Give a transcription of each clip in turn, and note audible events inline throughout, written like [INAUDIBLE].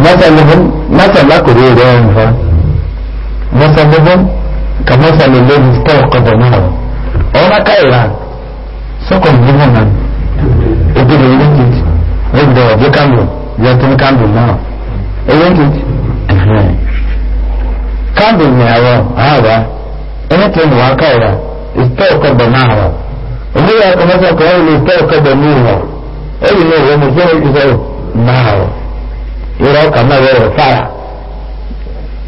مثلهم مثل أكري رأيهم مثلهم كمثل الذي استوقد نارا أولا كايرا سكن جهنم إبن إليكت إبن دوا كامل جاتن كامل نارا إليكت كامل نارا هذا إنتم وكايرا استوقد نارا وهي كمثل كايرا استوقد نارا أي نارا مثل إذا نارا irọ́ kàmá rẹ̀ rẹ̀ fara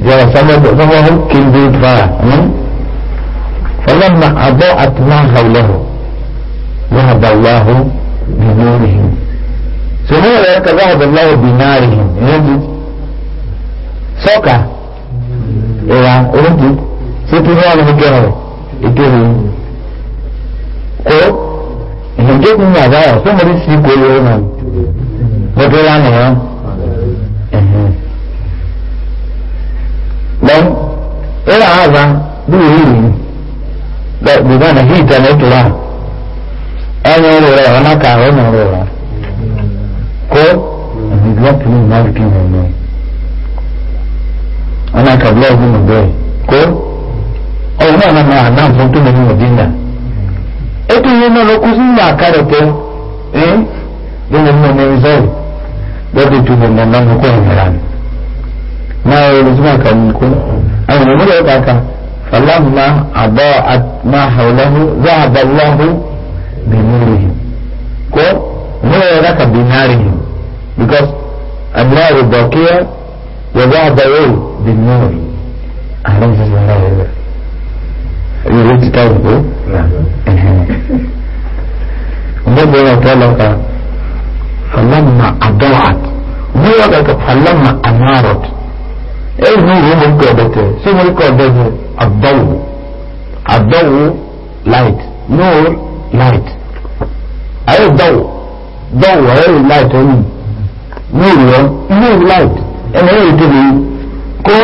jẹ́rọ sọ́mọ́dọ̀ sọ́mọ́dọ̀ kí n bí fara fọlọ́mà àbọ̀ àtúmọ̀ àwùlọ́hù ذهب الله بنورهم سمعوا لك ذهب الله بنارهم يجي سوكا إلى أرجو سيكون هو مجرد ìkéde kó ìhìnjẹ́ nínú àbáyọ̀ sọ́mọ́dé sí kó lórí náà ọdún lánàá don ina haza duk yiri da guda na hita na tura ẹni rẹ̀ ọ̀nà kàrọ̀ ọ̀nà rẹ̀ wá kó ìgbọ́kùnrin náà kí na ọ̀nà ọ̀nà kàrọ̀ ọ̀gbìn bẹ́ẹ̀ kó ọ̀hún náà máa máa náà na tó lè ní ọ̀dínà ètò ìyẹn náà ló kú sí ìgbà àkàrẹ̀ pé ẹ́ ló lè mú ọmọ ما يرزمك منكم أو ملعبك فلما أضاءت ما حوله ذهب الله بنورهم كو ملعبك بنارهم because النار الباقية وذهب بالنور أهلا وسهلا يريد كتابه ربنا طلب فلما أضاعت ملعبك فلما أنارت ẹ̀rù ìwé mo ń pè ọ̀bẹ tẹ̀ ṣé mo ń pè ọ̀bẹ tẹ̀ àdánwò àdánwò light no light ayé dánwò dánwò ayé light ẹ̀yìn no ìwé no light ẹ̀mọ ẹ̀rù ìdílé kó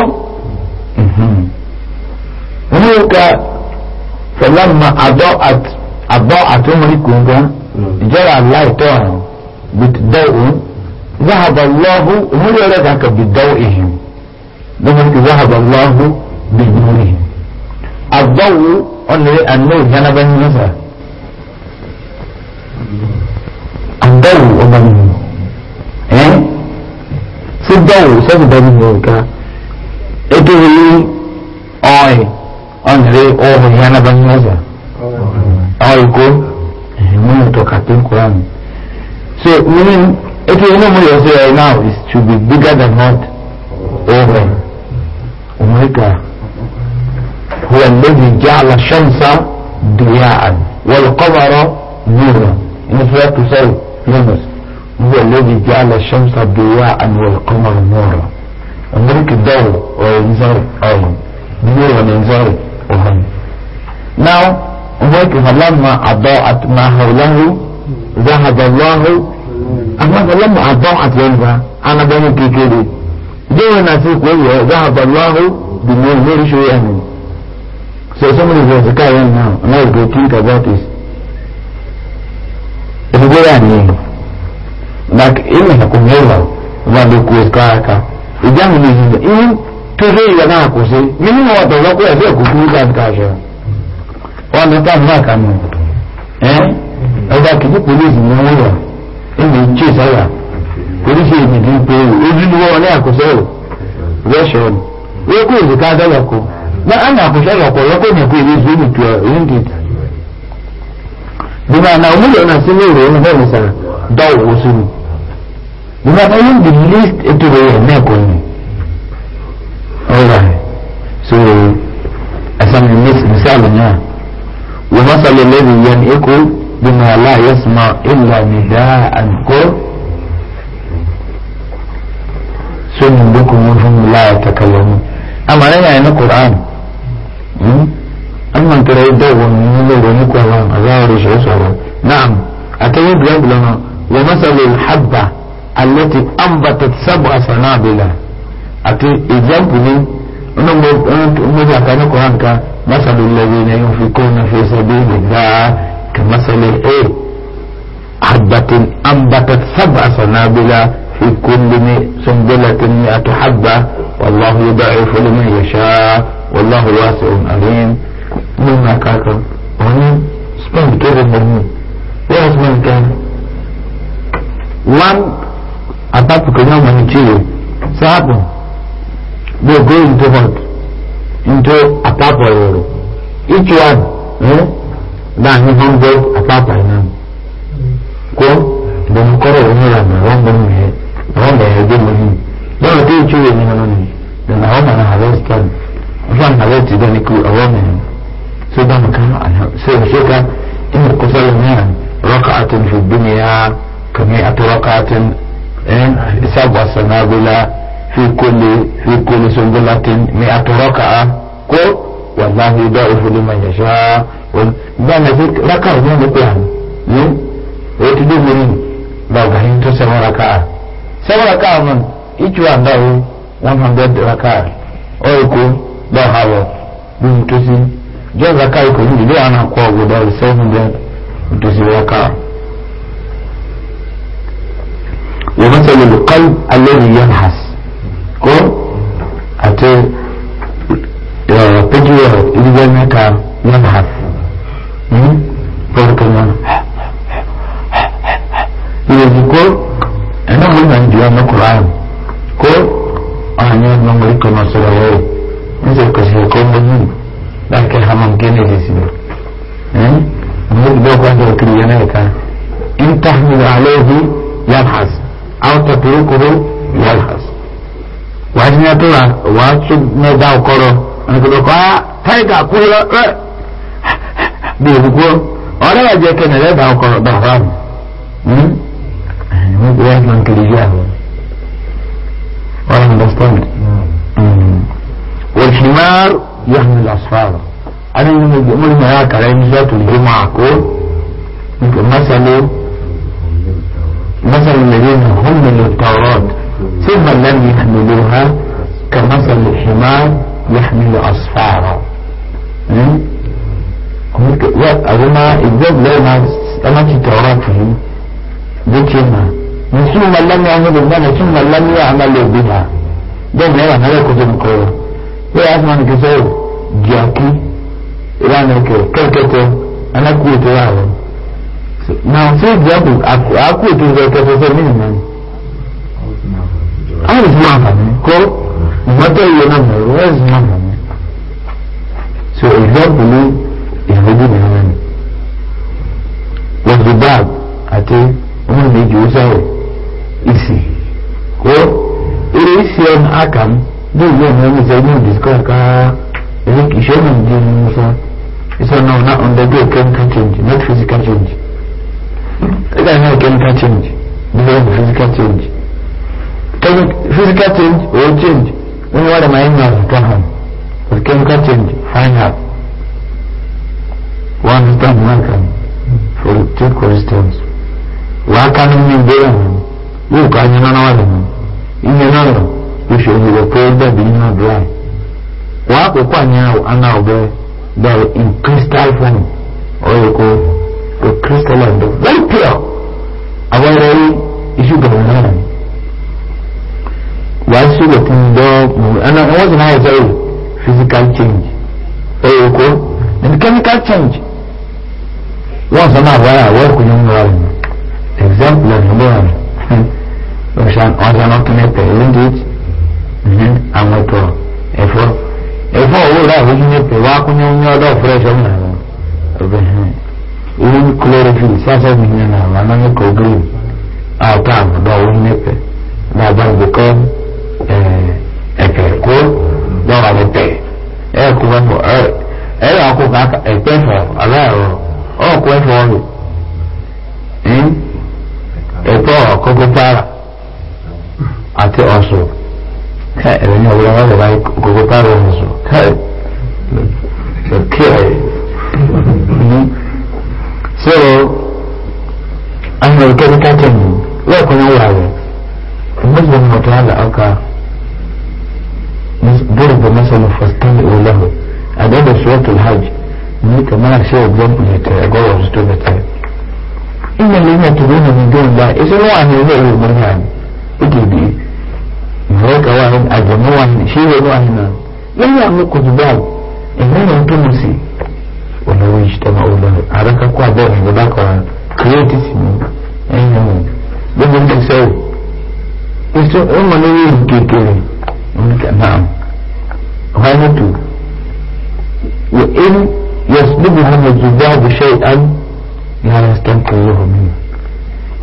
ní ìka fẹlẹ́mà àdọ́ àti àbọ̀ àti ọmọ ìkùnkà ìjọra light ọ̀run with dánwò ذهب الله هو يرى ذاك بدوئهم lọ́wọ́n ti wáhà bàbáwò bìbìrì àgbáwo ọ̀nẹ́rẹ́ àná ìjánábá ní lọ́sà àgbáwo ọba nínú ẹ́ sí gbáwo sẹ́sì bàbá nínú ọ̀ká ètò ìlú ọ̀ẹ́ ọ̀nẹ́rẹ́ ọ̀hún ìjánábá ní lọ́sà ọ̀ẹ́ kó so meaning ètò ìlú mú yọ sí ẹ̀ now is to be bigger than what over. ربك هو الذي جعل الشمس ضياء والقمر نورا إن يعني سورة تساوي لمس هو الذي جعل الشمس ضياء والقمر نورا أمريك الضوء وينزل اي نور وينزل أهم ناو هناك فلما أضاءت ما حوله ذهب الله أما فلما أضاءت ينزل أنا بني كيكيري déwọn náà ti kó wọ záàbà lọ́hù dùnú lórí ṣe yẹn ni so somebody is like car right now and I go think about this ìdúgbò yà ni like ìmọ̀ ìṣàkó mẹ́wàá wọn lè kó ẹ̀ka ẹ̀ka ìjà mi ní ìṣẹ̀lẹ̀ ìyẹn tó ṣe ìyá náà kò ṣe nínú wọn ọ̀dọ̀ lọ́kọ̀ ẹ̀ bẹ́ẹ̀ kò fún ìgbà ìka ṣe wọn ní táàmù náà kà mí ẹ ọba kìí polisi ni wọn wà ẹ lè jẹ sáyà oríṣi èjìdí pé ojúlówó ọlẹ́ àkọsẹ́rò rẹ́ṣọ̀ ni ó kó èjìká adọ́lọ́kọ náà ní àkọsẹ́rò ọ̀pọ̀lọpọ̀ ní ẹ̀kọ́ ìwé ìwé ìtù ẹ̀yìndì bímọ àná omúlò náà sí lóòrè ẹni bẹ́ẹ̀ nìsà dọ́wọ́ sí ni bímọ àná ẹ̀yìndì list ètò rẹ̀ mẹ́ẹ̀kọ́ ni ọ̀rọ̀ so asami misali náà wọ́n mọ́sálẹ̀ lẹ́bi yẹn ẹ̀kọ́ bímọ àlá yẹ́sùmọ́ ìlànà ìdá àǹkọ́ من بكم وهم لا يتكلمون أما لنا أن القرآن أما ترى يدعو من يدعو نكوة أزاور شعصر نعم أتيب لنا ومثل الحبة التي أنبتت سبع سنابلة أتي إجابني نمجع كان القرآن كمثل الذين ينفقون في سبيل الله كمثل الإيه حبة أنبتت سبع سنابلة في كل سنبلة مئة حبة والله يضعف لمن يشاء والله واسع عليم مما كاكا هني spend كده مني where is my time one apart from now money chill so happen they go into what into a papa euro each one eh na ni hundred a papa now ko dem kore ni la na one dem wanda ya yi muhimmi yau da ya ciwo ne wani da na wama na halarci kan wani halarci da ni ku a wannan sai ba mu kama sai mu sheka in ku sai ne raka'atun fi dunya kamar a raka'atun eh sabwa sanabila fi kulli fi kulli sunbulatin mi'atu raka'a ko wallahi da'ifu liman yasha ba na fi raka'a ne da ku ne eh wata dubu ba ga hin to sai raka'a seven rakah man each one that way one hundred rakah ọ èkó lọ́ha wọ bí mo tó sí just rakah èkó níbi bí àwọn akọ ọ̀gbọ̀dọ̀ rẹ̀ seven hundred mo tó sí rakah. ومثل القلب الذي ينحس كو أتي بجي إذا متى ينحس بركة ينحس يذكر mun nan diwa na Qur'an ko anya na mari ko na sura in sai ka shi ko mun dan kai haman gene da shi eh mun [LAUGHS] da ko da kiri yana ka in tahmil alayhi yalhas aw tatrukuhu yalhas wa ni atura wa su ne da okoro an ko ko tai ga ko bi ko ore wa je ke ne da okoro da ram hmm? يعني هو والحمار يحمل الأصفار أنا بقول الأمور هناك على نزلت الجمعة كل مثلا مثلا الذين هم من التوراة ثم لم يحملوها كمثل الحمار يحمل أصفارا هم أقول ما الذب لا ما ما في ذكرها ثم لم يعمل بها ثم لم يعمل بها ده ما يعني هذا كتب القرآن يا أسمان كسر جاكي إلانك كركتو أنا كويت وعلم now for example aku itu saya kata saya ni man harus makan ko mata ia nama harus makan so example ni yang begini man was the bad I ahụ na-eji ụzọ ahụ isi kwuo ere isi ọnụ aka m n'ụlọ ọmụmụ ụzọ ebe ndizikọ aka ere ka isi ọnụ ndị nsọ isi ọnụ na undergo chemical change not physical change ị ga na chemical change bụrụ ọnụ physical change physical change or change onye wara ma ịnwa azụta ha but chemical change fine. final one is done one can for two questions wakani mnimbea ukanyana na wale inyenalo ushobile kweda bilina dry wako kwa nyao anaobe dawe in crystal form oyoko to crystalline very pure awarai ishuga mwana wasuga tindo ana wazi na yao physical change o oyoko and chemical change wansa na waya wako nyumwa wale exemplar learn ọ̀sán ọ̀sán ọkùnrin pẹ̀lú ndéjì àwọn ẹ̀tọ́ ẹ̀fọ́ ẹ̀fọ́ owó rẹ̀ àwọn oníyẹn pẹ̀lú akúnyẹ́ oní ọdọ́ fúrẹ́ṣọ́ nà lọ ọbẹ̀ hàn ìlú chlorophil sáfẹ́ mi ní nà wà lọ́nà kò green àtọ́ àbùdá owó ní pẹ̀ bàbá ìgbẹ́kọ́ ẹ̀kẹ́ kó lọ́wọ́ rẹ̀ pẹ̀ ẹ̀ kó wọ́n fọ ẹ̀ ẹ̀ ọkọ̀ ẹ̀pẹ́ fọ aláàrọ̀ ọkọ̀ ẹ̀fọ́ rẹ̀ ẹ̀tọ́ ọ̀kọ́kọ́ para àti ọ̀sọ̀ ká ẹ̀rọ ní ọ̀wọ́n wọn lọ́wọ́ kókó para ọ̀sọ̀ ká ẹ̀rọ kí ẹ̀ so àwọn ọ̀kẹ́ ní ká tẹ̀ mí lọ́ọ̀kọ́ náà wà rẹ̀ muslim mutu hada aka ضرب مثلا فاستمعوا له أدب سورة الحج ملك ملك شيء بلوم من يتعقوا وستوبة إن الذين يتبعون من دون الله يسألوا عن يدعي المنعم إتبعي إذلك واهم أجمع واهم شيء واهم لا يملك ذباب إنما ينتمسي ولو اجتمعوا له عرفك أقوى بوح ذباك كريتسمي أينهم بدون تسوي يسأل أما نوين كيكيري نعم غايته وإن يسلبهم الذباب شيئا لا يستنقذه منه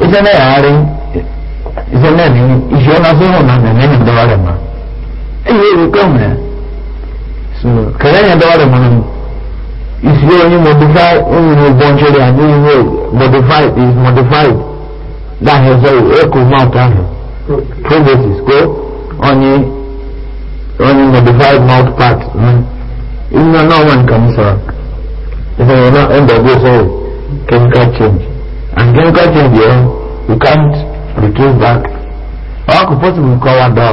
إذا لا يعلم إذا لا يعلم إذا لا يعلم من الدوارما أي يقومنا كذلك الدوارما is very modified only in one cherry and doing well modified is modified that has a echo mount on him two bases go only only modified mouth part mm. even no one comes out if I will not end up chemical change and chemical change yẹn yeah, you can't return back ọkọ pọtùmù nǹkan wa dọ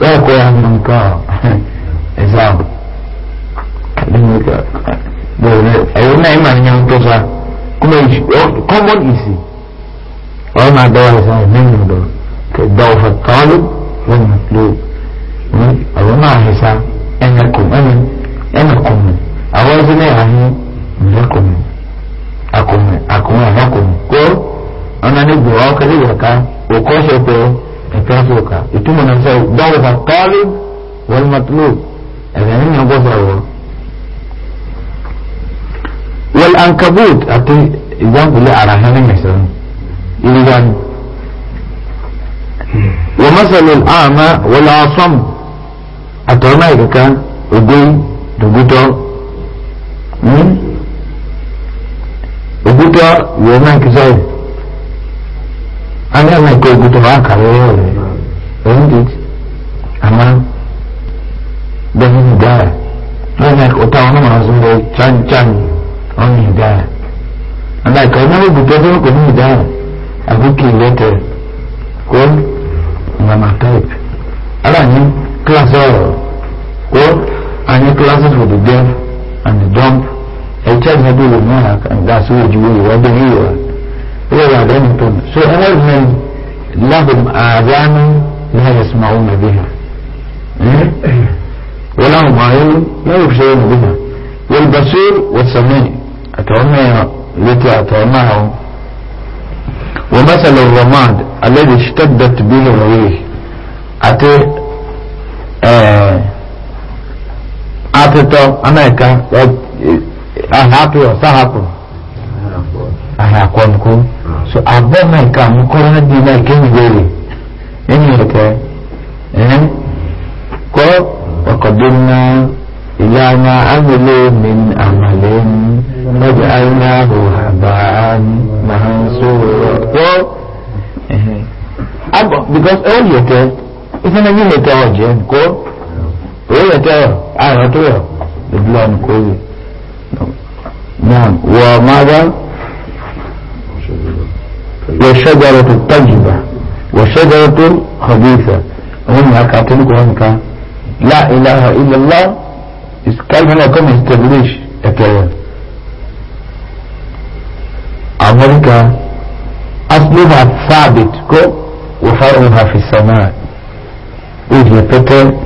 bẹẹ kó ya nù nǹkan exam ẹwọ náà ẹ máa ń yan tó sa kúmọ common easy hmm? ọ̀rọ̀ máa dọ́wọ́ ẹ̀sán ẹ̀mẹ́rin ọ̀dọ́ kẹdọ́wọ́ fàtọ́lù wọn lò ọ̀rọ̀ máa hẹ̀sán ẹ̀yẹ kùn ẹ̀yẹ kùn àwọn ẹ̀sán ẹ̀yẹ hàn yín zakoni akome akome anakoni ko anani gbura ọkọ ẹni yaka okọ ṣọpọ ẹka ṣọka ìtumọ̀ náà sọ dáwọ fà tọ́lù wọ́n mọ̀tòlù ẹ̀rẹ̀ ní ọgbọ́ sọ̀rọ̀ wọ́n ankabut àti ìgbàgbọ́lẹ̀ ara hẹ́ni mẹ́sàn-án ìrìbáni wọ́n mọ̀sálù àmà wọ́n lọ́wọ́ sọ́mù àtọ́nà ìkẹ́kẹ́ ògbóyìn kuwa wee na nkịta ya anya na nke obodo ha akara ya ọrụ ndị ama benin gaa lọ́nà ọ̀tá wọn náà máa sọ̀rọ̀ chánchan ọ̀nà ìdáyà àná ìkà ọ̀nà ìbùdó tó kò ní ìdáyà àbúkì lẹ́tẹ̀ kó mama type ara ní kílásì ọ̀rọ̀ kó anyị kílásì for the and the ẹ̀jẹ̀ níbi ìlú náà àdáṣe ojú ìwádìí ní ìwà ìwà àdáni tó nù so ẹ̀rọ mẹ́rin lábùm àdánù láyé sùnmọ́ àwọn ọmọ bíhà wọ́n láwọn máa yẹ láyé fi ṣe ọmọ bíhà wọ́n bá sí wọ́sàmì àtàwọn mẹ́rin létí àtàwọn máa wọn. ومثل الرماد الذي اشتدت به الريح أتي أتتو أمريكا ahaatu yɔ sahaatu ahakɔnko so abɔ mɛ ka nkɔla na di na ke nwere ɛnyɛ kɛ ɛn kɔ ɔkɔdunna ilana amele min amalen lɔbi alina ho habaan mahansoro kɔ ɛhɛn abɔ because ɛwɔ yɛ tɛ ìfɛnɛ yi lɛ tɛ ɔjɛ kɔ ɔyɛ tɛ ayɔ tó yɔ ebi wa nkɔ yɛ. نعم وماذا وشجرة الطيبة وشجرة خبيثة هم هكاتلك كان لا إله إلا الله كلمة لكم استبليش أكيد أمريكا أصلها ثابت كو وفرعها في السماء إذ يبتل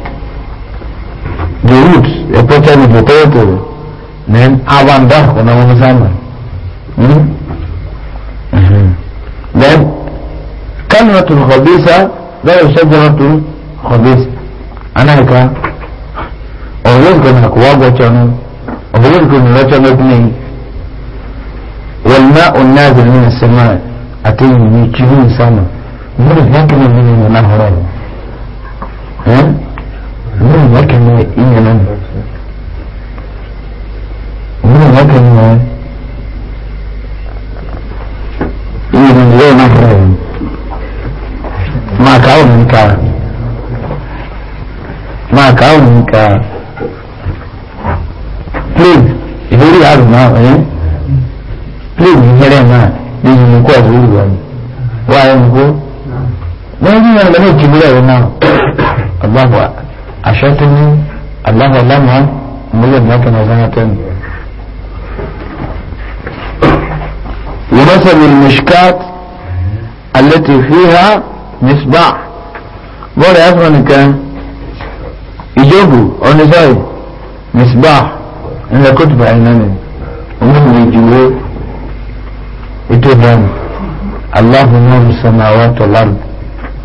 جروت يبتل يبتل nen abanda kuna mwanzama hmm? then kalmatul khabisa layo shajaratul khabisa anaika obulezi kona kuwagwa chono obulezi kona chono kuni والماء النازل ni السماء أتين يجيبون سما من هكذا من المنهرين ها من náà ẹ̀ pléèmù hẹ́rẹ́ náà lẹ́yìn mú kó ọ̀dọ̀ olùwà ni wà á ń gbó wọ́n ní ọ̀rọ̀ lọ́wọ́ ìjì múlẹ̀ rẹ̀ náà aláwọ̀ àṣẹ tó ní aláwọ̀ aláwọ̀ múlẹ̀ mọ́tò náà sọ́nà tẹ́nu. ورسم المشكات التي فيها مصباح bọ́ọ̀lù ẹ̀fọ́ nìkan ìjókòó ọ̀nìfẹ́ misbah ńlẹ̀ kótó báyìí náà nìyí. الله نور السماوات والأرض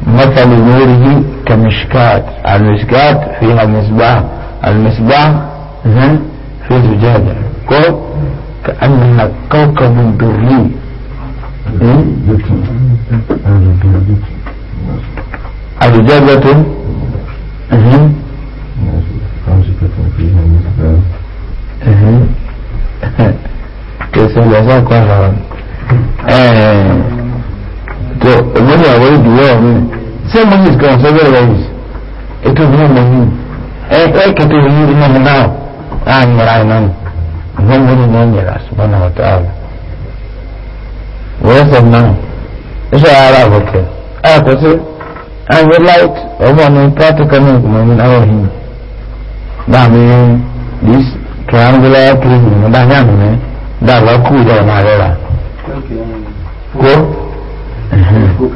مثل نوره كمشكات المشكات فيها مصباح المصباح زن في زجاجة كأنها كوكب دري إيه؟ الزجاجة زن كيف يزاك وشعرا إيه. to ọmọ ní àwọn ìdúró ọ̀hún ṣé mo ní ìkan ọ̀sẹ̀ bẹ́ẹ̀ rẹ̀ yìí ètò ìbí mo ní ẹ ẹ kẹtẹ yìí ní ọmọ náà á nyẹra ẹ náà ọmọ mo ní náà nyẹra ṣùgbọ́n náà ọ̀tọ̀ àlọ́ wọ́n sọ náà iṣẹ́ ara àbọ̀kẹ́ ẹ kò sí àwọn light ọmọ ní practical ní ọmọ mi náà ọ̀hìn dàbí this triangular prism dáhìá mi dábàá kú ìdá ọ̀nà àrẹ́ra kó. لم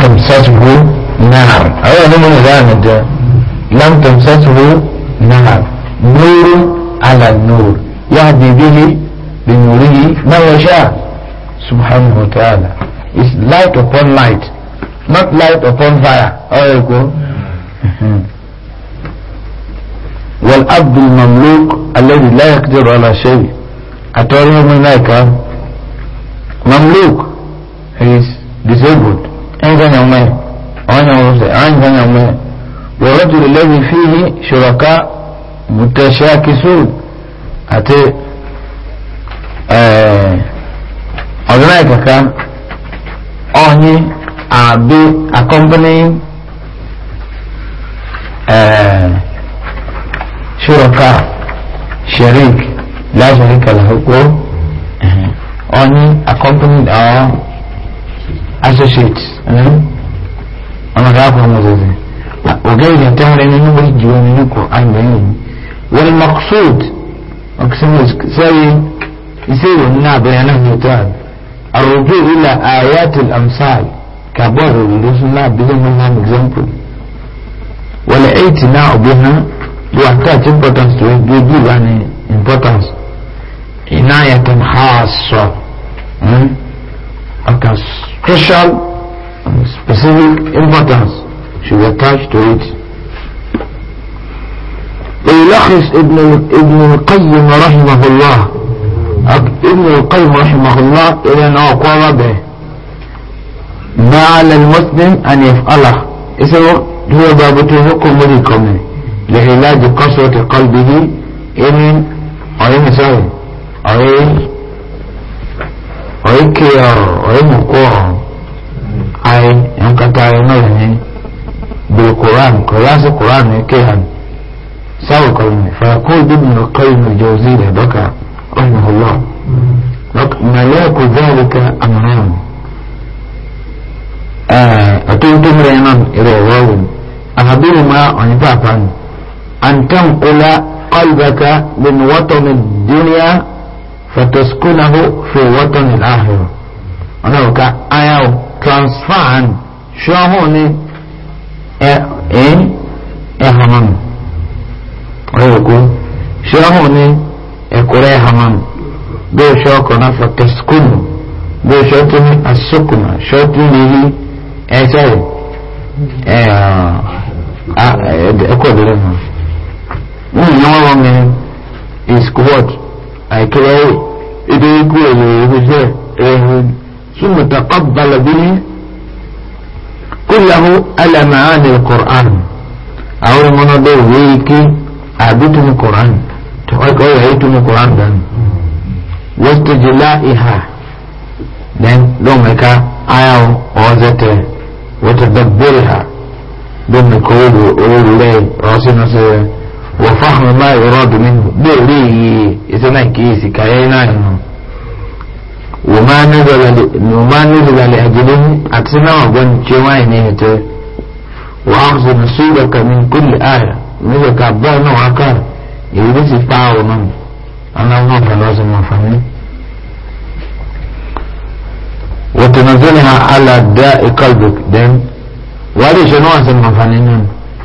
تمسسه نار أولا من ذلك لم تمسسه نار نور على النور يهدي به بنوره ما يشاء سبحانه وتعالى is light upon light not light upon fire أو يقول [LAUGHS] والعبد المملوك الذي لا يقدر على شيء أتوري ملايكة مملوك he is disabled أين كان يومين أين كان يومين والرجل الذي فيه شركاء متشاكسون أتى أغنائك كان أهني أبي accompanying uh, shuraka sharik la sharika lahu ko oni accompanied or associates ona ga ko mo zeze oge ile tawre ni nubu jiwa ni ko amen wal maqsud aksamu sai isiru na bayana mutan الرجوع إلى آيات الأمثال كبر لسنا بهم an example والاعتناء بها you attach importance to it, you give an importance. in Inayatun khasa. Hmm? Okay, special, specific importance should attach to it. ويلخص ابن ابن القيم رحمه الله ابن القيم رحمه الله الى ان اقوى به ما على المسلم ان يفعله اسمه هو باب تنكم وليكم لعلاج قسوة قلبه إن أين سوي أين أين كيار أين مقوع أين ينقطع يمالني بالقرآن قياس القرآن كيان سوي قلبي فيقول ابن القيم الجوزي بكى رحمه الله ملاك ذلك أمران أتوتم رينان إلى واو أهبير ما أنفع فانه أن تنقل قلبك من وطن الدنيا فتسكنه في وطن الآخرة أنا وكا أياو ترانسفان شو هوني إيه إيه همم أيوكو شو هوني إيه همم بو شو كنا فتسكنه بو شو تني السكنة شو تني إيه سوري إيه أكو دلنا ní ìnáwó mi ìskwọ́d àìkẹ́wọ́ ìdí ikú èlò ìhùjẹ́ ẹ̀hùn súnmù taqabbala bí kullahu ala ma'ani al-qur'an àwọn ọmọdé bẹ́ẹ̀ wéyí kí àbítúmù qur'an tó ọkọ̀ ọ̀yà ìtúmù qur'an dání wọ́sítẹ̀jìlá ìhà then lọ́mọ̀ẹ́ká ayáwó ọ̀ọ́zẹ́tẹ̀ wọ́tẹ̀ dàgbẹ́rẹ̀ ha lọ́mọ̀ẹ́kọ̀ òwúrẹ̀ rọ́ọ̀sínú sí rẹ̀ وفهم ما يراد منه بوري إذا كيسي كاينا وما نزل وما نزل لأجله أتسمع وقن جوائن وأخذ نصيبك من كل آية نزلك أبانا وعكار يبسي باو من أنا ما فلازم أفهمني وتنزلها على داء قلبك دين دم وليش نوع سنفهمني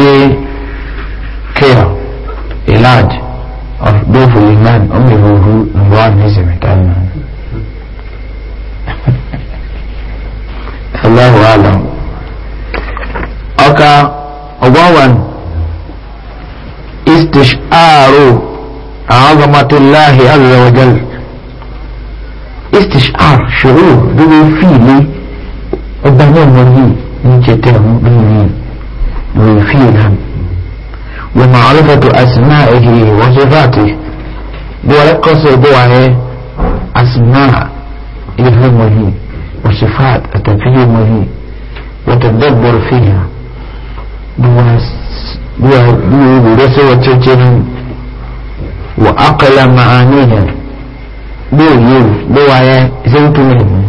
a care, a lad of dofu iman omihuhu mbuan hizi mekana Allahu alam Oka obawan istishaaru azamatullahi azza wa jal istishar shuru dubu fili ọgbẹ́ni ọmọ yìí ní jẹ́tẹ̀ ọmọ yìí ويفيدهم ومعرفة أسمائه وصفاته ولقص بوعه أسماء يفهمه وصفات تفهمه وتدبر فيها ورسى وتشجن وأقل معانيها بوعه بوعه زيت منه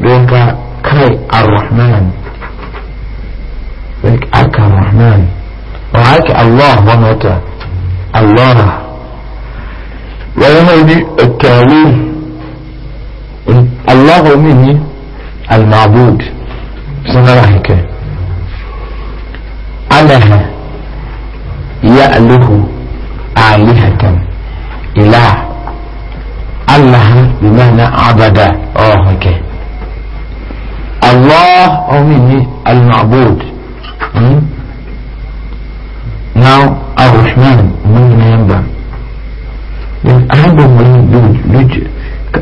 لك كي الرحمن لك أكا الرحمن وعك الله ومتى الله ويهدي التأويل الله منه المعبود سنرحك أله يأله آلهة إله الله بمعنى عبد أوه الله منه المعبود Hmm? now Ar-Rahman mwenye yamba then ahaba mwenye luj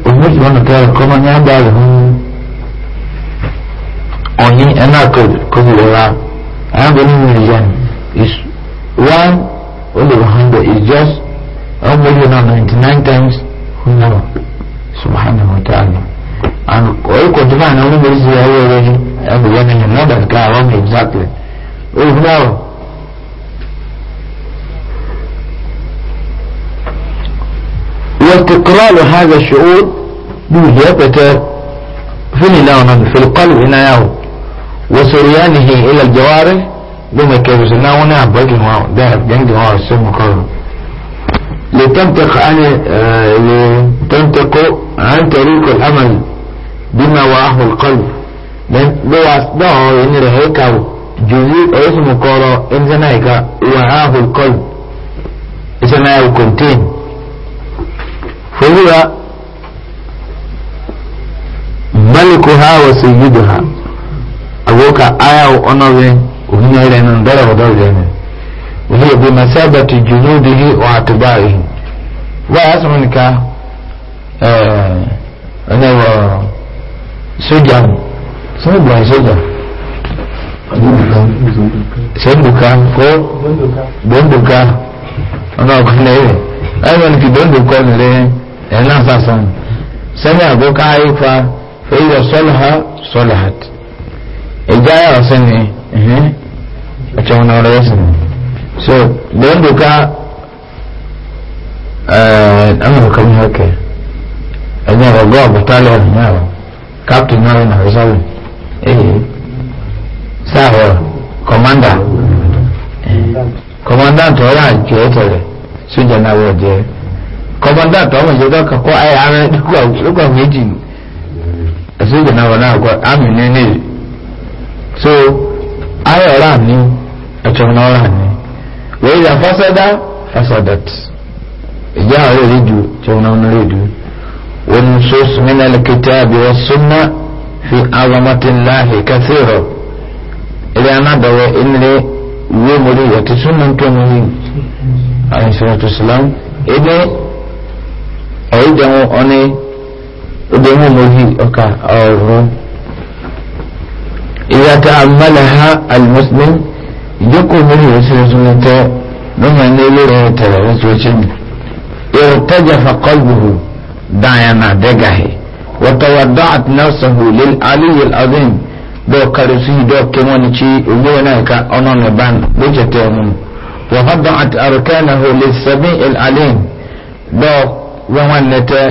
umuzi wana tala kama nyamba ala huu onye ena kuzi wala ahaba ni mwenye is one over hundred is just one million and ninety nine times who subhanahu wa ta'ala and kwa hiyo kwa divana ulimwezi ya uwe wenye abu yana ni model kaa wame exactly وهنا وتقرار هذا الشعور بوهيبة فنلانا في القلب هنا وسريانه إلى الجوارح لما كيفزنا هنا بجن ما ده جنجي ما السم كله لتنطق عن آه، لتنطق عن طريق الأمل بما وعه القلب ده ده يعني رهيكه juzi oyesu mukoro inzana ika wahahu lkolb isana ya ukontain fahuwa malikuha wa sayyiduha agoka aya onobe uhinya ile nan dara hodobe ne hiya bi masabati junudihi wa atbaihi wa asmanika eh ana wa sojan sojan sojan Buka, ko bonduka buka. ọ̀kọ̀lẹ̀ rẹ̀ ẹ̀rọ ti bonduka rẹ̀ ẹ̀nà sàṣàn sẹ́ni àgọ́ká ayífa fẹ́yọ̀ sọ́lọ̀há sọ́lọ̀hát ẹ̀já yàrá sẹ́ni ọ̀chẹ́ wọn ọ̀rọ̀ yẹn sẹ́ni so bonduka ẹ̀ẹ́dẹ́gbẹ̀rún ọ̀kọ̀ ní ọ̀kẹ́ ẹ̀jẹ̀ ọ̀gọ́ ọ̀bùtálẹ̀ ọ̀nà captain náà ní àrísàlẹ̀ ẹ̀yẹ́ Commander. kọ̀mándà kọ̀mándàntì ọ̀rọ̀ àjọ ẹ̀tẹ̀rẹ̀ sójà náà wọ̀ jẹ́ kọ̀mándàntì ọmọ ìjọba kọ̀kọ́ ayé ara lókọ̀ méjì sójà náà wọ̀ náà kọ́ àmì níní so ayé ọ̀rọ̀ àmì ẹ̀tọ́ náà ọ̀rọ̀ àmì wọ́n yà fásádà fásádàt ìjà ọ̀rọ̀ rédíò tí wọ́n náà rédíò ونصوص من الكتاب والسنة في عظمة الله كثيرة ilé anábẹ̀wẹ̀ ilé ìwé mọ̀lẹ́ ìyàtí súnmọ́ ntọ́nu yìí àìsàn ìsìlám ebe ọ̀yẹ́dẹ̀wọ̀n ọ̀nẹ́ ọdẹ̀wọ̀n mọ̀lẹ́ ọ̀ka ọ̀rọ̀ ìyàtọ̀ àmàlàhà àlùmọ́sílẹ̀ ìjókòó mọ̀lẹ́ ìyàtí súnmọ́ tẹ́ lọ́mọ ní ilé rẹ̀ tẹ̀lẹ̀ rẹ̀ tó ṣe mi ìrọ̀tẹ́jà fàkọ́lùbùhù dáyà náà dẹ́gàhì wọ́tọ̀wọ́dọ́ àtúnáṣàhù lẹ́lẹ́ dɔw kari suhi dɔw kemo ni ci o gbɛɛ n'a ye ka ɔnɔ na ban bɛ jate mun wa fa dɔn ati arukɛna ho le sɛbi el ale dɔw wɛnwa lɛtɛ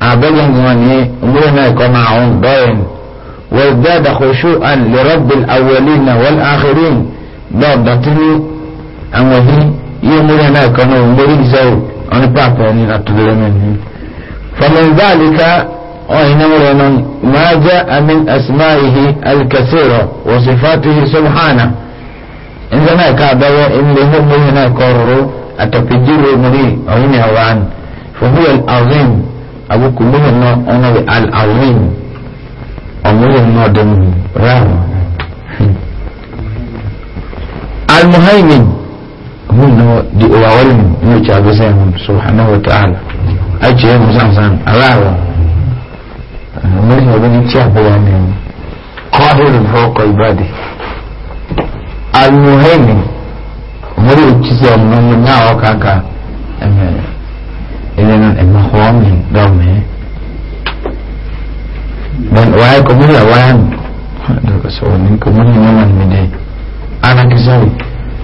a bɛ yɛn ŋɔn ye o gbɛɛ n'a ye ka ɔnɔ ahun dɔw wa bɛɛ da ko su an lɛrɛ bil awali datini a ŋɔhi yɛ n'a ka ɔnɔ o gbɛɛ yi sɛw ni a tugulen mɛ ni. famin zalika وإنما ما جاء من أسمائه الكثيرة وصفاته سبحانه إنما كعبوا إن لهم هنا قرروا أتفجر مري أو إن هوان فهو العظيم أبو كلهم أنا العظيم أمرهم نادم رام المهيمن هنا دي أولين نوتي أبو سبحانه وتعالى أجي مسانسان أراوه ibadi. من يبني تشهد يعني قاهر فوق عباده المهيمن muri ukize omulimu naawo kaka ebyono emahoomi dome waye komulira wayami komulinamanimitei anakisabi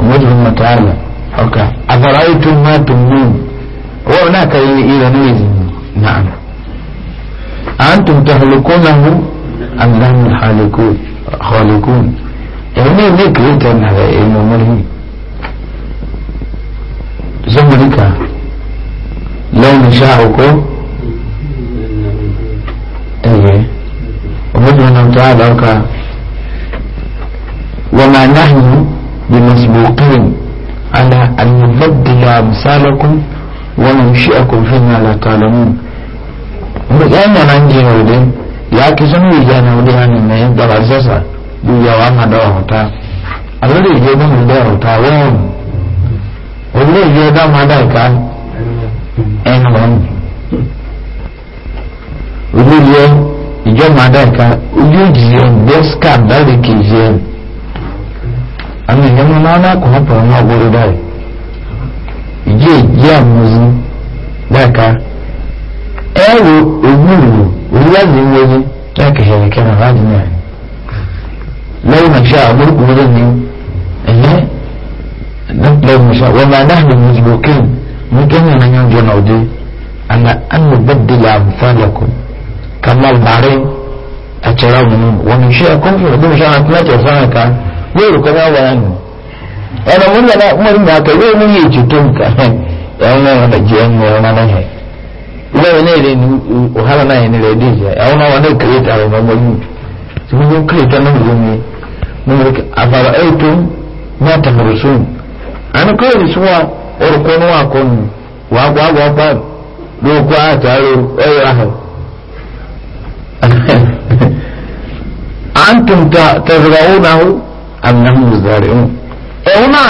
omuri wamataala oka afaraitum ma tumnun wonaka ilanoizimu naam أنتم تهلكونه أم نحن الخالقون خالقون يعني ليك ريتن هذا إيه مره زمرك لو نشاءكم أيه ومدنا تعالى وما نحن بمسبوقين على أن نبدل أمثالكم وننشئكم فيما لا تعلمون yanya na nje na ude ya kiso ni uja na ude hani na yenda wa sasa uja wa ama dawa hota alole ije na ude hota wewe ude ije da mada ika en won ude ije ije mada ika ude ije deska dali kije ami nyamu na na ko hapa na ogoro dai ije ije amuzi dai ka ẹ̀rọ òwúrò òwúrẹ́mì wọnyí ẹ̀kẹ̀hẹ̀rẹ̀ kẹrin láti náà lẹ́yìn àṣà àbúrúkú wọlé ni ẹ̀yẹ́ lẹ́yìn àṣà wọ́n máa náà lè mú ìgbòkè mú kẹ́yìn náà yànjọ náà dé àná àná bẹ́ẹ̀dẹ̀ yà àǹfààlẹ̀kọ́ kamal bàárẹ̀ àtẹ̀rẹ̀ ọ̀nà wọn ṣe àkọ́kọ́ ọdún ṣáà àtúnṣe sáà ká yóò rò kọ́ná wà nù ẹ̀rọ mú ìyàrá mú ìyàrá kẹ́ yóò mú ìyè ètò tó nǹkan ẹ̀rọ náà yẹn ilé ìwé náà ilé ní ọ̀hánà náà ní ilẹ̀ ìdíje àwọn máa wà ní kìrìtì àwọn ọmọ ọmọ yìí tí wọ́n yóò kìrìtì náà wọ́n mi mo mọ̀ àfàrà ẹ̀tọ́ náà tàbí sóun àná kọ́ ìrìsí wa orúkọ ní wàá kọ́ nù wàá gbọ́ àgbọ̀ apá lóòkọ́ àtàrò ọ̀yọ́ ahọ́. àǹtùm tẹ̀síra ó náà ó àmìnàmù ìzàrí ó ẹ̀hún náà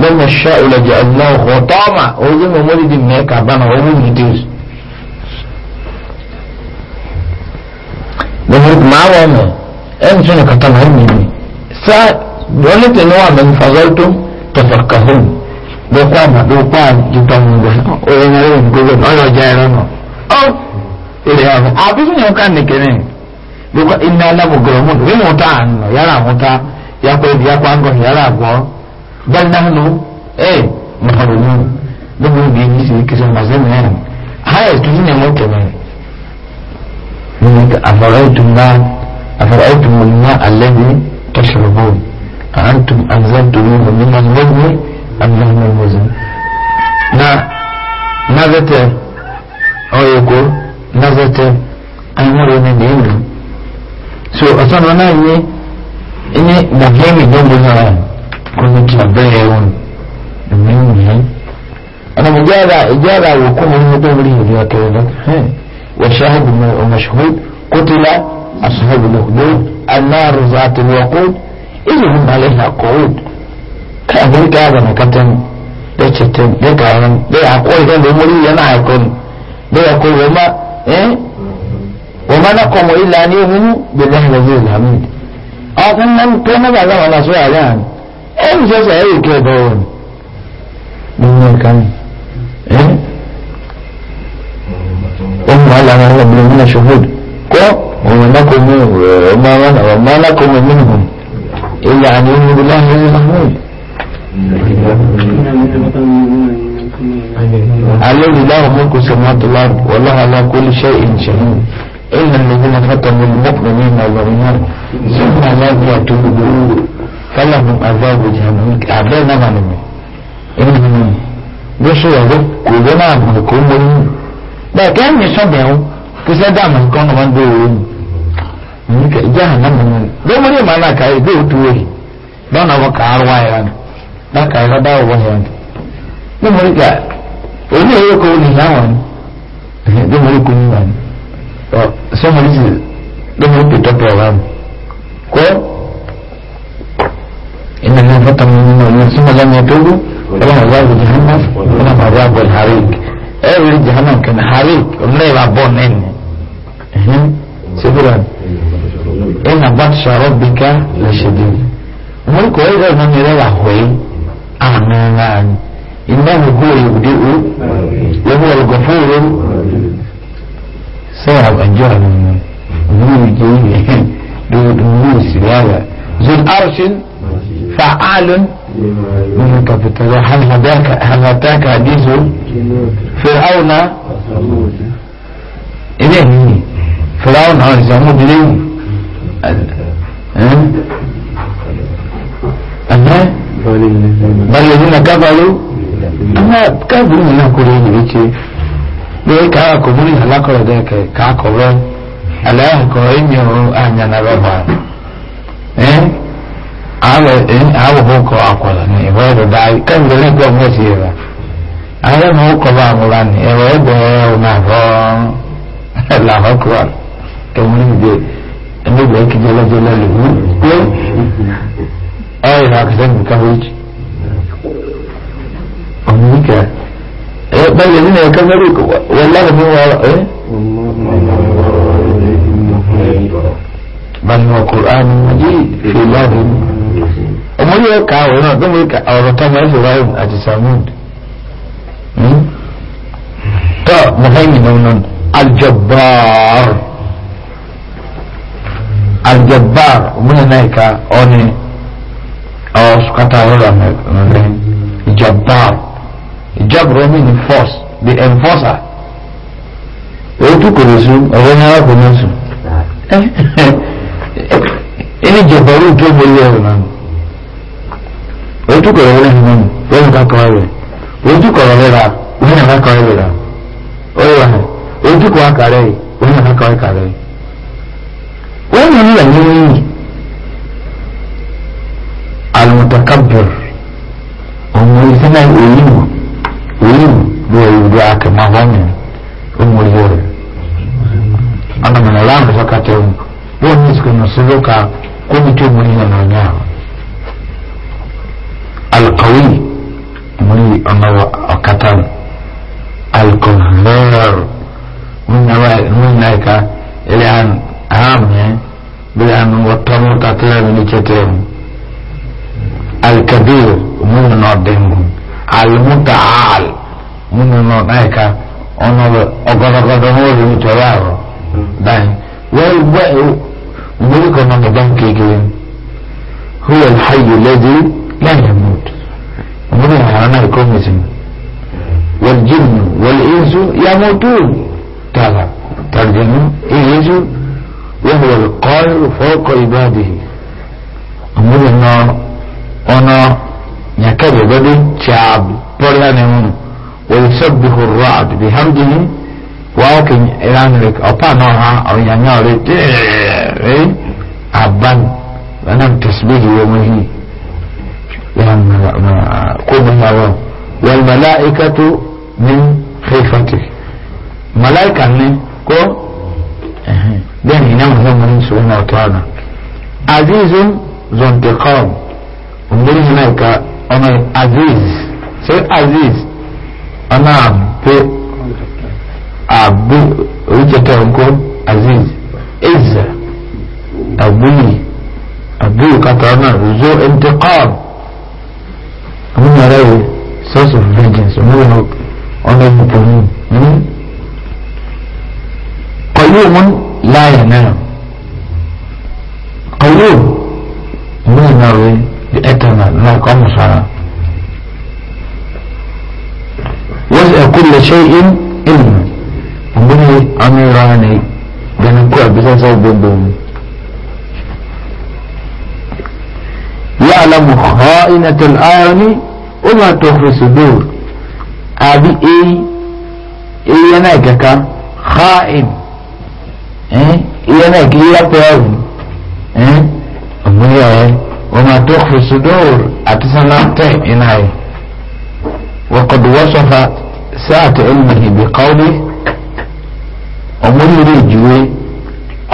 lọ́nà ṣọ́ ìlẹ̀jẹ̀ ọ̀gbọ́n ọ̀hún tọ́ọ̀mà oyún mọ́mọ́lì di mẹ́ẹ̀ka bánà ọ̀hún nìdírí. lọ́nà máa wọ̀ mọ̀ ẹ̀ń tún ní kàtà náà nìyí. sá wọlé tí ní wà mọ̀ ní fàzọ́tò tọ̀fọ̀kàhùn lọ́kọ́ àmà lọ́kọ́ àjùtọ̀ nìgbẹ́ oyún ẹ̀rọ ìgbẹ́gbẹ́ ọ̀rọ̀ ọjà ẹ̀rọ náà. ọ́ èrè àwọn àbúrò yẹn ká nìkẹ́rẹ́ bal nahnu eh mahrumun gbogbo ibi yìí sì kìsọ màsí mẹ́rin àyà tó yìí nìyẹn tẹ̀lé ní àfọ̀rọ̀tún náà àfọ̀rọ̀tún mọ̀ níwá alẹ́bí tẹ̀sọ̀rọ̀bọ̀ àǹtùm àǹzẹ̀tùmí mọ̀ níwá lẹ́bí àǹzẹ̀tùmí mọ̀ na nazete ọ̀yẹ̀kọ́ nazete ahọ́rọ̀ ní nìyẹn so ọ̀sán náà yẹ ẹni mọ̀gẹ́mì gbogbo náà kọ́mítì bẹ́ẹ̀ wọn ẹ̀mí nìyí. ọ̀nàmọ̀ ìjára ìjára wò kó mo ní bẹ́ẹ̀ rí ìrìn ọ̀kẹ́ rẹ̀ wọ́n ṣáàbù mi ọmọ ṣòwò kó tó lá àṣàbù lò ló anáàrù zàtì wọ́n kó ìlú mi balẹ̀ ní àkọ́wé ká àmẹ́ríkà àgbàna kátẹ́ mi bẹ́ẹ̀ tètè bẹ́ẹ̀ kàrọ̀ bẹ́ẹ̀ àkọ́ ìfẹ́ mi mo rí ìyẹn náà àkọ́ mi bẹ́ẹ̀ àkọ́ ìwọ́n má wọ́n má náà kọ́ mọ́ ilẹ̀ àníyàn nínú bẹ́ẹ̀ lẹ́yìn lọ́wọ́ ìlànà ọkùnrin náà tó náà bàbá wọn lọ sóyà أنجز أي كبون من كان إيه أم هل أنا هلا بلمنا شهود كو وما لكم وما لكم منهم إلا أن يؤمنوا بالله الذي محمود عليه الله ملك السماوات والأرض والله على كل شيء شهيد إلا الذين فتنوا المؤمنين والمؤمنات ثم لم يتوبوا fọlọ́mù azáàbò jẹ́nu abẹ́rẹ́ náà ni mi ẹni mi bí ó ṣòro ọ̀dọ́ kò gbé náà mọ̀ kó mọ inú bẹ́ẹ̀ kẹ́hìn sọ́bẹ̀ ẹ̀hún kí sẹ́ dààmú nǹkan náà máa ń dé òwe mu nǹkẹ́ ìjà àná mi nù mo ní ìmọ̀ náà kàrí bí ó tu wẹ̀ lọ́nà wọ kà á ni dáka ẹ̀rọ dá ọ̀wọ́ yẹn ni bí mo ní kà òní èrè kò ní ìyá wọn bí mo ní kò ní wọn ni sọ́mọ́lì إن الذين فتنوا من ثم لم يتوبوا فلهم عذاب جهنم ولهم عذاب الحريق أول جهنم كان حريق ولا يلعبون إن سيبرا إن بطش ربك لشديد ملك وإذا من يرى هوي آمين إنه هو يبدئ وهو الغفور سيعب أنجار من نور جيه دور نور سلاوة ذو الأرش فعال منك بترى هل هداك هل هداك حديث فرعون إليه فرعون هل زمود ليه أنا بل الذين كفروا أنا كفروا من أكلين بيتي lórí káà kò múlì alákọ̀ọ́dẹ kẹ̀kọ́ àkọ́rọ́ aláìkọ̀ọ́ ìmì ọ̀rọ̀ àyànnà rọ̀bà إيه awo en awo ho ko akola ni wa do dai kan gele eh? ko mo si ba awo mo ko ba mo ba ni e wa do o na ho la ho ko to mo ni de ni de ki jela jela lu ko ai ha ka sen ka hoji ni ka e ba ye ni ka ngari ko wallahi mo wa eh بل هو قرآن مجيد في لغة ọmọ yóò ka àwọn náà tó mú ọ̀rọ̀ tọ́mọ ẹ̀fọ́ ráyìn àti samud hmm? tọ́ mọ̀háìmì náà náà aljabar aljabar ọmọdé náà ká ọ́ni ọ̀sùkátà ọ̀rọ̀ nàlẹ́ ìjàbar ìjàbùrọ̀ mi ni force the enforcer èyí tó kò lè sùn ọ̀rọ̀ ní arákùnrin [LAUGHS] ẹni jẹ̀bẹ̀rù tó borí ẹ̀rù náà ojú kọ̀rọ̀ rẹ̀ nínú wọ́n ká kọ́ rẹ̀ ojú kọ̀rọ̀ rẹ̀ rà wọ́n yàn ká kọ́ rẹ̀ rà ó yà hàn ojú kọ̀ àkàrẹ̀ yìí wọ́n yàn ká kọ́ rẹ̀ kàrẹ̀ yìí wọ́n yàn ní ẹ̀yìn yìí alùmọ̀tàkàbẹ̀r ọmọ ìfẹ́ náà òyìnbó òyìnbó bí òyìnbó akẹ́mọ̀ àwọn yẹn ọmọ ìyẹrẹ ọmọ ìyẹrẹ láàrín sọ́kàtẹ́wọ̀n wọ́n ní ìsìnkú kóbi tó mú ní ọ̀nà ọ̀nà alkawi mú ní ọ̀nà ọ̀kátà alkọ̀vẹ́r mú ní àìká ilé àmì bí a nù wọ́tọ́ mú tàtàrà mi ní kẹtẹ́ mu alkabir mú ní ọ̀dẹ́ mu almutaal mú ní ọ̀nà àìká ọ̀nà ọ̀gọ́dọ̀gọ́dọ̀ mú ní ìtura rọ̀ mm-hmm. báyìí wọ́n ملك رمضان كيجي هو الحي الذي لا يموت ومن الحيوانات الكوميزم والجن والإنس يموتون تعالى ترجمة إنس وهو القاهر فوق عباده أمور النار أنا يكاد بدي شعب ويسبح الرعد بحمده akin ilanrik ọpa náà ha ọ̀yànyà rẹ tẹ́ẹ̀rẹ́ aban lọ́nàm tẹ̀síbíyì wọ́n mu yìí kó mu yà wọ́n wọ́n mẹ́láìka tó ní xeifati mẹ́láìka ní kó bẹ́ẹ̀ ni náà wọ́n mu ní sọ́wọ́n náà tó àná azizu zontekọ́m ọmọdé yìí náà ká ọmọ aziz ṣé aziz ọ̀nà àbúrò. àbú oríjẹta nǹkan aziz ezza àbúyì àbúyì kàtàrà zo intikam múnara yìí source of vengeance múnara ọ̀nà ìpòmù قيوم لا ينام قيوم múnara yìí the eternal like ọmọsára وسع كل شيء علما mbili amirani ganakuwa bizaza ubemboni ya'lamu kha'inata al-ayni wa ma tukhfi sudur abi e e yana kaka kha'in eh yana kiya pevu eh amuya eh wa ma tukhfi sudur atisanate inai وقد وصف ساعة علمه بقوله ọmọdé orí أي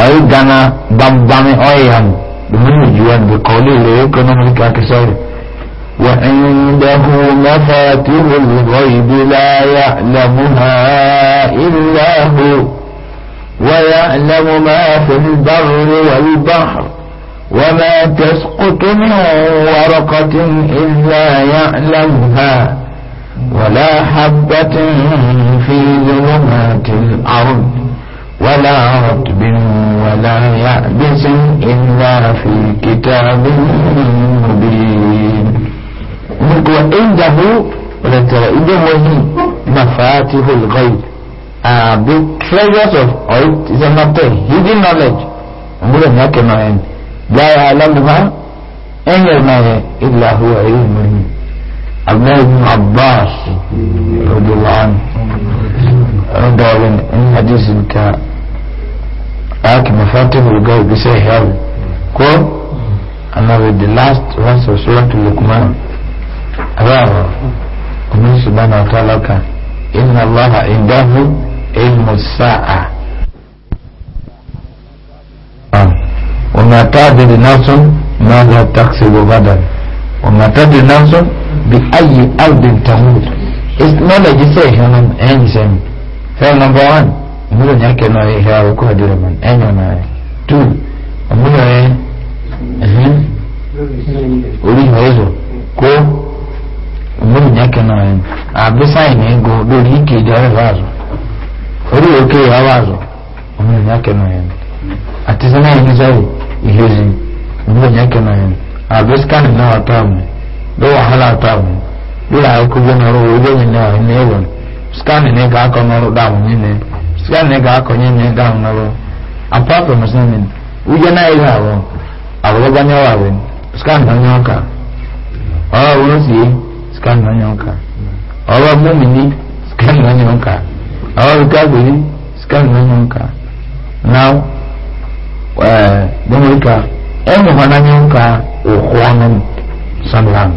ọyí دم gbamgbami ọyàn lómìnira ìjúwe ní kọ́lé rẹ̀ yóò وعنده مفاتيح الغيب لا يعلمها إلا هو ويعلم ما في البر والبحر وما تسقط من ورقة إلا يعلمها ولا حبة في ظلمات الأرض ولا رطب ولا يأبس إلا في كتاب مبين وعنده ولترئيده وهي مفاتيح الغيب are uh, the treasures of oil is a matter hidden knowledge أمور ما كمان لا يعلمها إن ما إلا هو علم عبد الله بن عباس رضي الله عنه daawin in hadisinka aki mafatin ruga ga sai haru ko another the last one of surah luqman rawa kuma subhanahu wa ta'ala ka inna allaha indahu ilmu sa'a وما تدري نفس ماذا تكسب غدا وما تدري نفس بأي أرض تموت It's not like you say human anything Fẹ́ẹ̀n nọmba wán, ìmúlò ní akẹ́ náà ihe àwòkọ́ àdúrà mọ̀ ẹ̀yàn náà rẹ̀. Tù, ìmúlò rẹ̀ orí ìhọ̀ ẹ̀zọ̀ kó ìmúlò ní akẹ́ náà rẹ̀. Àbí sáyìn ego lórí ike ìjọ rẹ̀ wà zọ̀. Orí òkè ìhà wà zọ̀, ìmúlò ní akẹ́ náà rẹ̀. Àti sẹ́nà yìí sọ̀rọ̀ ìhè zi, ìmúlò ní akẹ́ náà rẹ̀. Àbí skáàni náà wà táwọn, ló wàhálà táwọn, ló làákú gbẹ́nà ọ̀rọ̀ owó gbẹ́yìn náà ní ẹ̀wọ̀n scanning ne ga-akọ n'ọrụ dam niile scanning ne ga-akọ niile dam n'ọrụ apart from scanning ụjọ na ihe ahụ agwụgwọ nye wa Scan scanning onye ọka ọrụ ọrụ sie scanning onye ọka ọrụ ọgbụmini scanning onye ọka ọrụ kagbiri scanning onye ọka now gbọmọ e, ka enwekwa n'anya nka ụkwụ ọnụ sanlam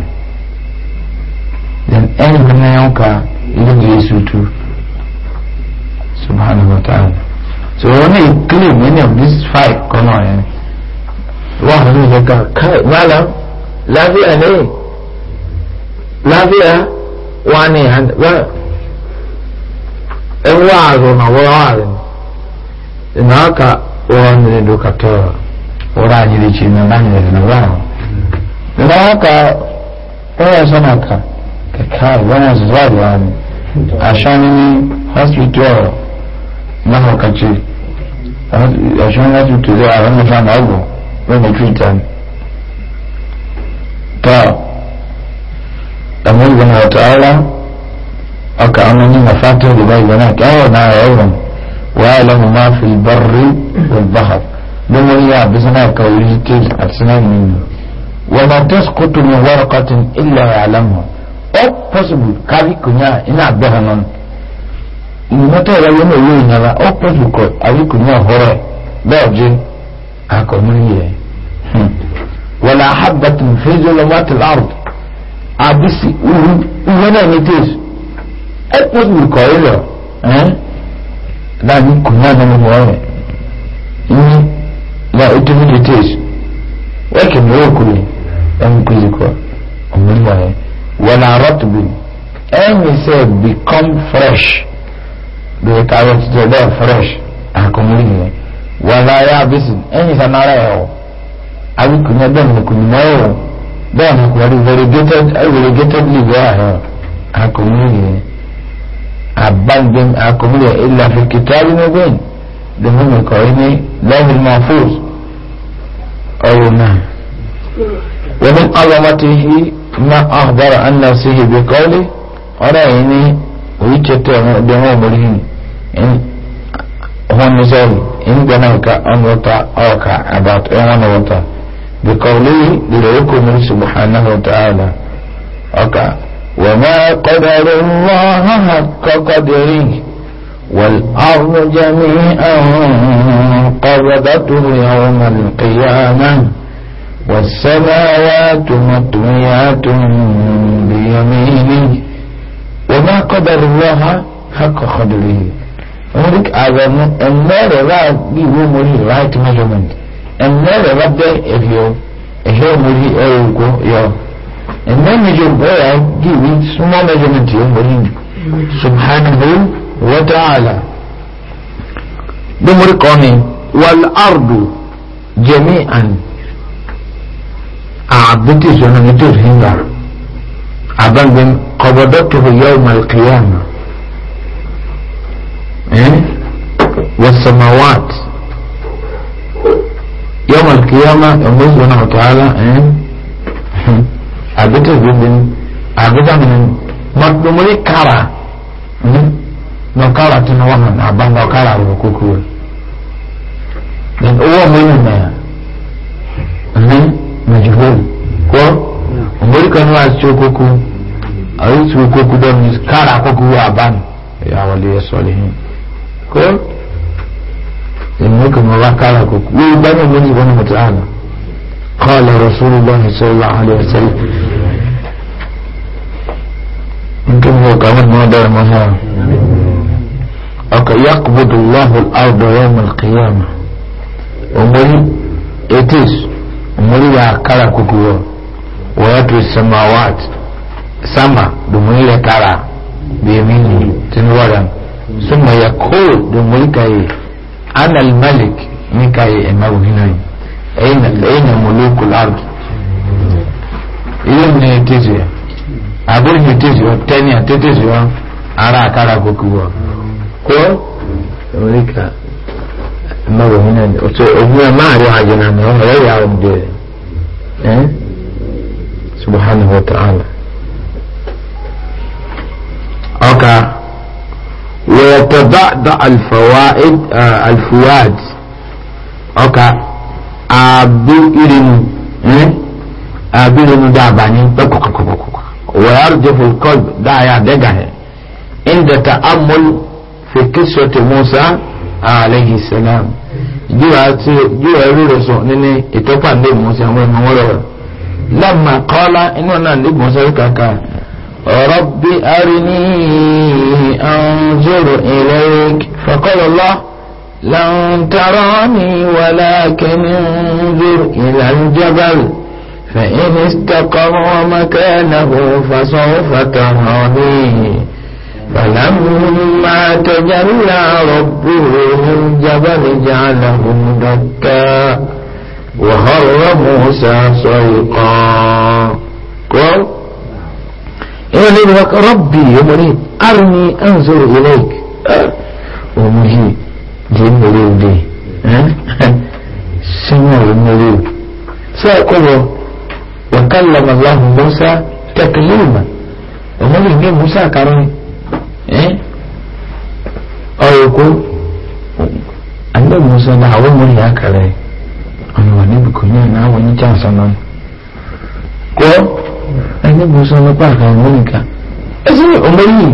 then enwekwa n'anya nka ilé ìsútú subhanahu wa ta'ala so wọn ní claim many of these five kọ́nà ẹ̀ wọ́n àwọn olóyè ga káì mọ́lá lábíà ní lábíà wà ní ẹ wá àrùn àwọn àrùn ìnà aka wọn ní dókítà wọn àyè lè ṣe ìnà láyé ìnà wọn. ìnà aka wọn yà sọ́nà kan. كاربون الزرم عشان اني هاس بتوع نهر كذي عشان هذا الدعاء هم كان عبوا وين كنتم تا أمور بنا تعالى أكا أمني مفاتيح لباي بناك أو نا يعلم وأعلم ما في البر والبحر لما هي بسنا كوليتي أتسنا منه وما تسقط من ورقة إلا يعلمها all possible kari kunya ina agbara nan ìmọ̀tọ́ ìyá yẹn náà lóyún ara all possible kari kunya ọ̀họ́rọ̀ bẹ́ẹ̀ jẹ́ akọ̀mọ́rí yẹn wọlé ahabatu fẹjọlọmọtì lárù àbísí uhu uhu náà ní tèèsì all possible kọ ẹ ọ láàbí kunya náà ní wọ́n na ètò mi ní na wọ́n kì í mú òkú wala rotbin ẹ̀yìn sẹ́ become fresh lórí kárọ̀ títọ́ bẹ́ẹ̀ fresh àkọ́mọ́lì yẹn wala yabisin ẹ̀yìn sẹ́ nara ẹ̀ ọ́ abikunyẹ bẹ́ẹ̀ ni kùnyìn mọ́ ẹ̀ ọ́ bẹ́ẹ̀ ni kùnyìn variegated variegated leave ẹ̀ eh? ọ́ àkọ́mọ́lì yẹn abandon àkọ́mọ́lì yẹn ilà fi kìtọ́ abínibẹ́ẹ̀ lẹ́mú mi kọ́ ẹni lẹ́yìn mahfuz ọ̀rọ̀ náà wọ́n ní ما أخبر عن نفسه بقوله أرى إني ويجت دمو مرهن إن هو نزال إن دمك أن أوك أبات وطا بقوله لليكم سبحانه وتعالى أوك وما قدر الله حق قدره والأرض جميعا قبضته يوم القيامة والسماوات مطويات بيمينه وما قدر الله حق قدره ولك أعظم أن النار رأت بي ومري رأت أن لا رأت بي إفيو إفيو مري أيوكو يو النار مجم بي دي بي سمو مجمن تيو مرين سبحانه وتعالى بمرقوني والأرض جميعا أعبتي زنانيتو زهنغار أبنبن قبضته يوم القيامة إيه؟ والسماوات يوم القيامة الله سبحانه وتعالى إيه؟ أبتي زنان أبتي زنان مطلومري كارا نوكارا تنوانا أبنبن كارا وكوكوه من هو مهم يعني majhul ko muri kan wa ce koko ayi su koko da mis kara koko wa ban ya wali ya solihin ko in muka ma ba kara koko wai ba ne mun ibn mutana qala rasulullahi sallallahu alaihi wasallam in kun ko kamar ma da masa aka yaqbidu Allahu al-ardha yawm al-qiyamah umuri it is murya kara kuduwa wa yato samawat sama domin ya kara bemini tinuwaran sun ma ya ko domin ka yi anal malik ni ka yi ina wuninai aina mulukul ard ilé mi ni tètè àbúrò mi tètè ọ tẹ́ni àtẹ́tẹ́ sí ọ ara àkàrà kókó wọ kó oríkà. mawo hina oto ogwa mari haje na ma wala ya umde eh subhanahu wa ta'ala aka ويتضعضع الفوائد آه الفواد أوكا أبو إرين إيه؟ أبو إرين دعباني ويرجف القلب دعيا دقه عند تأمل في قصة موسى alayhi salam jíwà tí jíwà irú rẹ̀ sọ nínú ìtọ́pà ní ìmọ̀ọ́sẹ̀ àwọn ẹ̀mọ́ wọn lọ́wọ́ lẹ́mà kọ́lá inú náà ní ìmọ̀ọ́sẹ̀ kàkà ọ̀rọ̀ bí arini anzuru ilayk faqala Allah lan tarani walakin anzur ila al-jabal fa in istaqarra makanahu fasawfa tarani. فلما تجلى ربه للجبل جعله دكا وهر موسى صيقا قل إيه ربي يمري أرني أنظر إليك ومجي دي مريو دي سمر مريو سأقول وكلم الله موسى تكليما ومجي موسى كريم Eh? ọ̀rọ̀ kó annabi musa na àwọn mọ̀ ya kare ọ̀nà wà níbi kò ní àwọn ní chance ọ̀nà kó annabi musa na pa àkàrà mọ̀ nìkan ẹsẹ̀ ọmọ yìí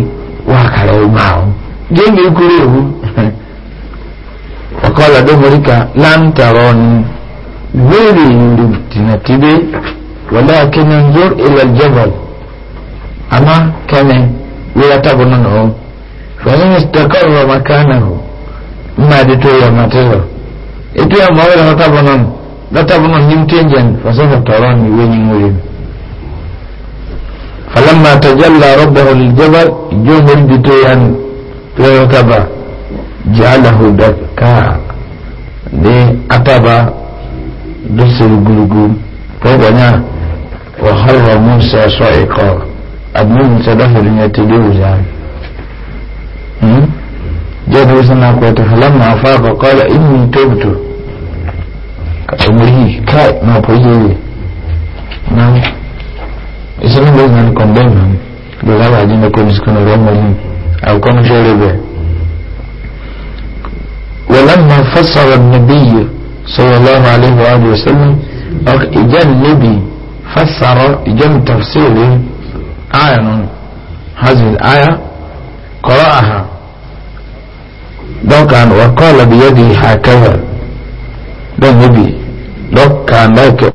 wà kàrà ọmọ àwọn gẹ́gẹ́ kúrò ewu ọkọ̀ ọ̀làdọ́ mọ̀ríkà láǹtàrọ̀ ni wéèrè ìlú wọlé akẹ́ni ń ilẹ̀ jẹ́bọ̀l àmọ́ kẹ́ni ويتبننهم فمن استقر مكانه ما دتو يا ماتلو اتو يا مويل هتبنن لتبنن يمتنجن فسوف تراني وين مريم فلما تجلى ربه للجبل جمل دتو يا ويتبع جعله دكا دي أتبع دسر قلقل فوقنا وخر موسى صعقا أبنون سبه لن يتجوز عن جاد وسنا قوات فلما أفاق قال إني تبت كأمره كاء ما بيجي نعم إسلام بيجي أن يكون بيما بلغة عجينة كون سكون رمالي أو كون شاربة ولما فصل النبي صلى الله عليه وآله وسلم أخ إجان النبي فسر إجان تفسيره آية نعم. هذه الآية قرأها دوك وقال بيده هكذا ده النبي